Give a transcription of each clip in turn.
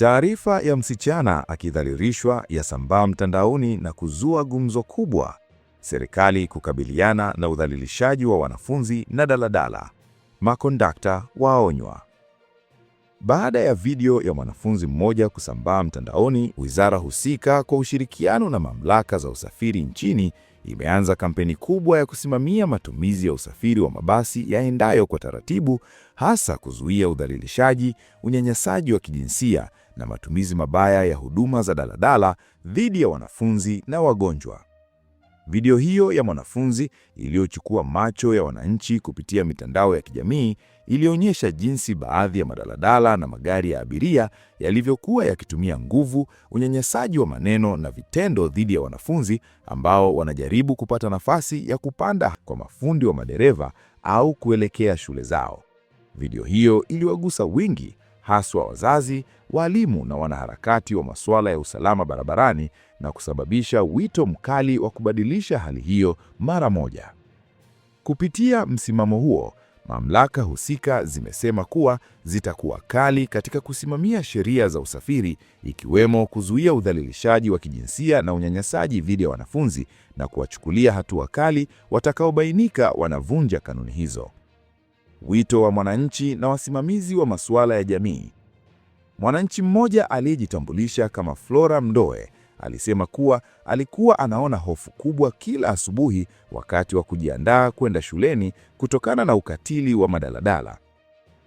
Taarifa ya msichana akidhalilishwa yasambaa mtandaoni na kuzua gumzo kubwa. Serikali kukabiliana na udhalilishaji wa wanafunzi na daladala. Makondakta waonywa. Baada ya video ya mwanafunzi mmoja kusambaa mtandaoni, wizara husika kwa ushirikiano na mamlaka za usafiri nchini imeanza kampeni kubwa ya kusimamia matumizi ya usafiri wa mabasi yaendayo kwa taratibu, hasa kuzuia udhalilishaji, unyanyasaji wa kijinsia na matumizi mabaya ya huduma za daladala dhidi ya wanafunzi na wagonjwa. Video hiyo ya mwanafunzi iliyochukua macho ya wananchi kupitia mitandao ya kijamii ilionyesha jinsi baadhi ya madaladala na magari ya abiria yalivyokuwa yakitumia nguvu, unyanyasaji wa maneno na vitendo dhidi ya wanafunzi ambao wanajaribu kupata nafasi ya kupanda kwa mafundi wa madereva au kuelekea shule zao. Video hiyo iliwagusa wengi haswa wazazi, walimu na wanaharakati wa masuala ya usalama barabarani na kusababisha wito mkali wa kubadilisha hali hiyo mara moja. Kupitia msimamo huo, mamlaka husika zimesema kuwa zitakuwa kali katika kusimamia sheria za usafiri ikiwemo kuzuia udhalilishaji wa kijinsia na unyanyasaji dhidi ya wanafunzi na kuwachukulia hatua kali watakaobainika wanavunja kanuni hizo. Wito wa mwananchi na wasimamizi wa masuala ya jamii. Mwananchi mmoja aliyejitambulisha kama Flora Mndoe alisema kuwa alikuwa anaona hofu kubwa kila asubuhi wakati wa kujiandaa kwenda shuleni kutokana na ukatili wa madaladala.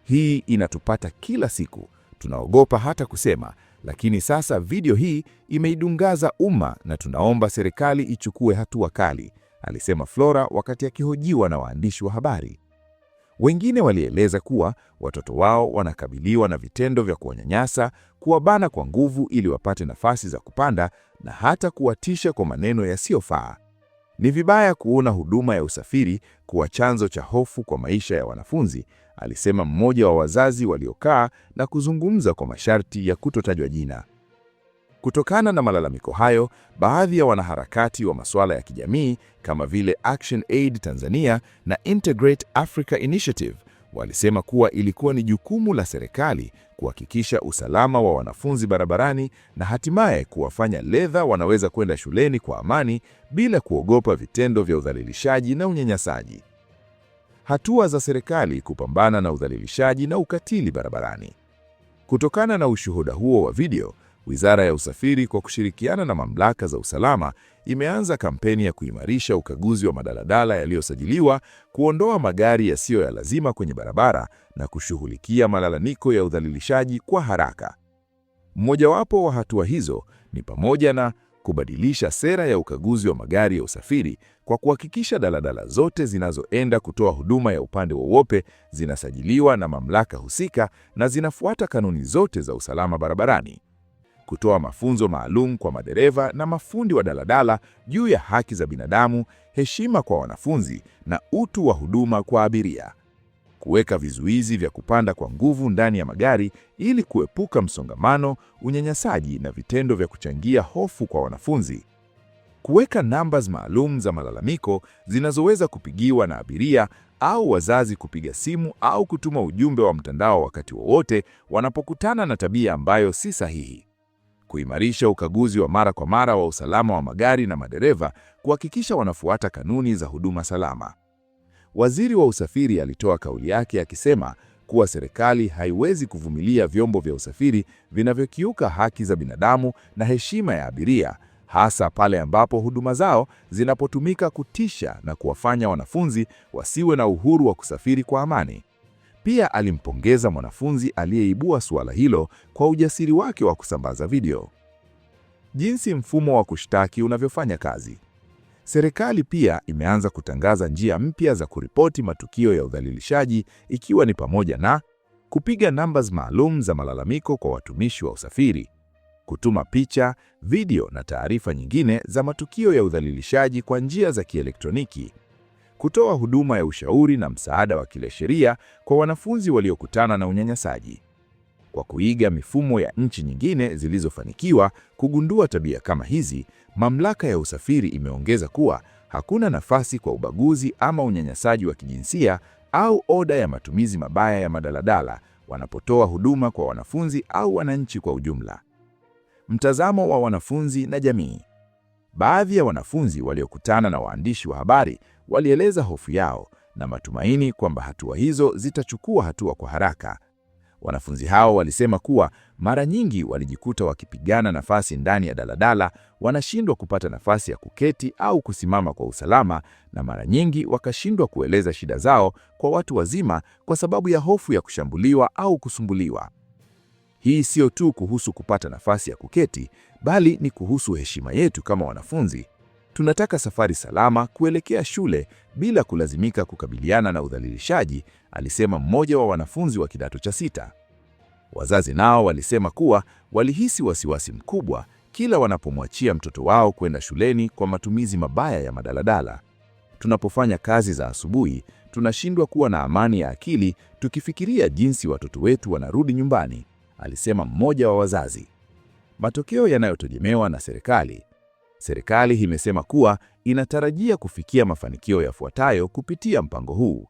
Hii inatupata kila siku, tunaogopa hata kusema, lakini sasa video hii imeidungaza umma na tunaomba serikali ichukue hatua kali, alisema Flora wakati akihojiwa na waandishi wa habari. Wengine walieleza kuwa watoto wao wanakabiliwa na vitendo vya kuwanyanyasa, kuwabana kwa nguvu ili wapate nafasi za kupanda na hata kuwatisha kwa maneno yasiyofaa. Ni vibaya kuona huduma ya usafiri kuwa chanzo cha hofu kwa maisha ya wanafunzi, alisema mmoja wa wazazi waliokaa na kuzungumza kwa masharti ya kutotajwa jina. Kutokana na malalamiko hayo, baadhi ya wanaharakati wa masuala ya kijamii kama vile Action Aid Tanzania na Integrate Africa Initiative walisema kuwa ilikuwa ni jukumu la serikali kuhakikisha usalama wa wanafunzi barabarani na hatimaye kuwafanya ledha wanaweza kwenda shuleni kwa amani bila kuogopa vitendo vya udhalilishaji na unyanyasaji. Hatua za serikali kupambana na udhalilishaji na ukatili barabarani. Kutokana na ushuhuda huo wa video, Wizara ya Usafiri kwa kushirikiana na mamlaka za usalama imeanza kampeni ya kuimarisha ukaguzi wa madaladala yaliyosajiliwa, kuondoa magari yasiyo ya lazima kwenye barabara na kushughulikia malalamiko ya udhalilishaji kwa haraka. Mmojawapo wa hatua hizo ni pamoja na kubadilisha sera ya ukaguzi wa magari ya usafiri kwa kuhakikisha daladala zote zinazoenda kutoa huduma ya upande wowote zinasajiliwa na mamlaka husika na zinafuata kanuni zote za usalama barabarani kutoa mafunzo maalum kwa madereva na mafundi wa daladala juu ya haki za binadamu, heshima kwa wanafunzi na utu wa huduma kwa abiria. Kuweka vizuizi vya kupanda kwa nguvu ndani ya magari ili kuepuka msongamano, unyanyasaji na vitendo vya kuchangia hofu kwa wanafunzi. Kuweka namba maalum za malalamiko zinazoweza kupigiwa na abiria au wazazi kupiga simu au kutuma ujumbe wa mtandao wakati wowote wanapokutana na tabia ambayo si sahihi kuimarisha ukaguzi wa mara kwa mara wa usalama wa magari na madereva kuhakikisha wanafuata kanuni za huduma salama. Waziri wa usafiri alitoa kauli yake akisema kuwa serikali haiwezi kuvumilia vyombo vya usafiri vinavyokiuka haki za binadamu na heshima ya abiria, hasa pale ambapo huduma zao zinapotumika kutisha na kuwafanya wanafunzi wasiwe na uhuru wa kusafiri kwa amani. Pia alimpongeza mwanafunzi aliyeibua suala hilo kwa ujasiri wake wa kusambaza video. Jinsi mfumo wa kushtaki unavyofanya kazi. Serikali pia imeanza kutangaza njia mpya za kuripoti matukio ya udhalilishaji ikiwa ni pamoja na kupiga namba maalum za malalamiko kwa watumishi wa usafiri, kutuma picha, video na taarifa nyingine za matukio ya udhalilishaji kwa njia za kielektroniki, kutoa huduma ya ushauri na msaada wa sheria kwa wanafunzi waliokutana na unyanyasaji. Kwa kuiga mifumo ya nchi nyingine zilizofanikiwa kugundua tabia kama hizi, mamlaka ya usafiri imeongeza kuwa hakuna nafasi kwa ubaguzi ama unyanyasaji wa kijinsia au oda ya matumizi mabaya ya madaladala wanapotoa huduma kwa wanafunzi au wananchi kwa ujumla. Mtazamo wa wanafunzi na jamii. Baadhi ya wanafunzi waliokutana na waandishi wa habari walieleza hofu yao na matumaini kwamba hatua hizo zitachukua hatua kwa haraka. Wanafunzi hao walisema kuwa mara nyingi walijikuta wakipigana nafasi ndani ya daladala, wanashindwa kupata nafasi ya kuketi au kusimama kwa usalama, na mara nyingi wakashindwa kueleza shida zao kwa watu wazima kwa sababu ya hofu ya kushambuliwa au kusumbuliwa. Hii sio tu kuhusu kupata nafasi ya kuketi, bali ni kuhusu heshima yetu kama wanafunzi, Tunataka safari salama kuelekea shule bila kulazimika kukabiliana na udhalilishaji, alisema mmoja wa wanafunzi wa kidato cha sita. Wazazi nao walisema kuwa walihisi wasiwasi mkubwa kila wanapomwachia mtoto wao kwenda shuleni kwa matumizi mabaya ya madaladala. Tunapofanya kazi za asubuhi, tunashindwa kuwa na amani ya akili tukifikiria jinsi watoto wetu wanarudi nyumbani, alisema mmoja wa wazazi. Matokeo yanayotegemewa na serikali Serikali imesema kuwa inatarajia kufikia mafanikio yafuatayo kupitia mpango huu: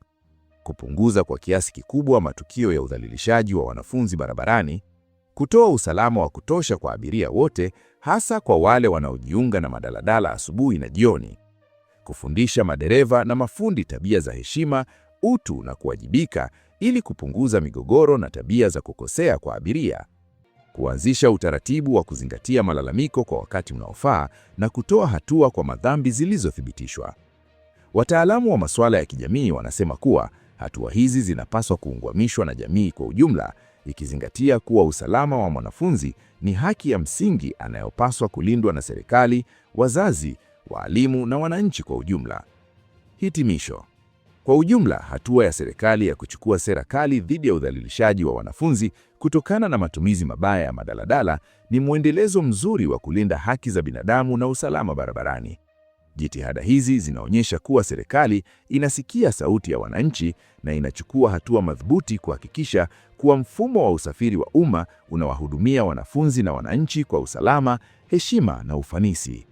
kupunguza kwa kiasi kikubwa matukio ya udhalilishaji wa wanafunzi barabarani, kutoa usalama wa kutosha kwa abiria wote, hasa kwa wale wanaojiunga na madaladala asubuhi na jioni, kufundisha madereva na mafundi tabia za heshima, utu na kuwajibika, ili kupunguza migogoro na tabia za kukosea kwa abiria kuanzisha utaratibu wa kuzingatia malalamiko kwa wakati unaofaa na kutoa hatua kwa madhambi zilizothibitishwa. Wataalamu wa masuala ya kijamii wanasema kuwa hatua hizi zinapaswa kuungwamishwa na jamii kwa ujumla, ikizingatia kuwa usalama wa mwanafunzi ni haki ya msingi anayopaswa kulindwa na serikali, wazazi, waalimu na wananchi kwa ujumla. Hitimisho. Kwa ujumla, hatua ya serikali ya kuchukua sera kali dhidi ya udhalilishaji wa wanafunzi kutokana na matumizi mabaya ya madaladala ni mwendelezo mzuri wa kulinda haki za binadamu na usalama barabarani. Jitihada hizi zinaonyesha kuwa serikali inasikia sauti ya wananchi na inachukua hatua madhubuti kuhakikisha kuwa mfumo wa usafiri wa umma unawahudumia wanafunzi na wananchi kwa usalama, heshima na ufanisi.